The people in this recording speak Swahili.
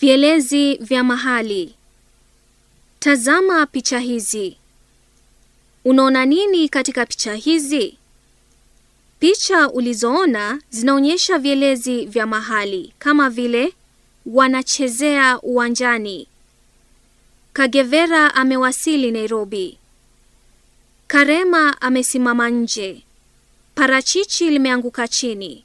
Vielezi vya mahali. Tazama picha hizi. Unaona nini katika picha hizi? Picha ulizoona zinaonyesha vielezi vya mahali kama vile wanachezea uwanjani. Kagevera amewasili Nairobi. Karema amesimama nje. Parachichi limeanguka chini.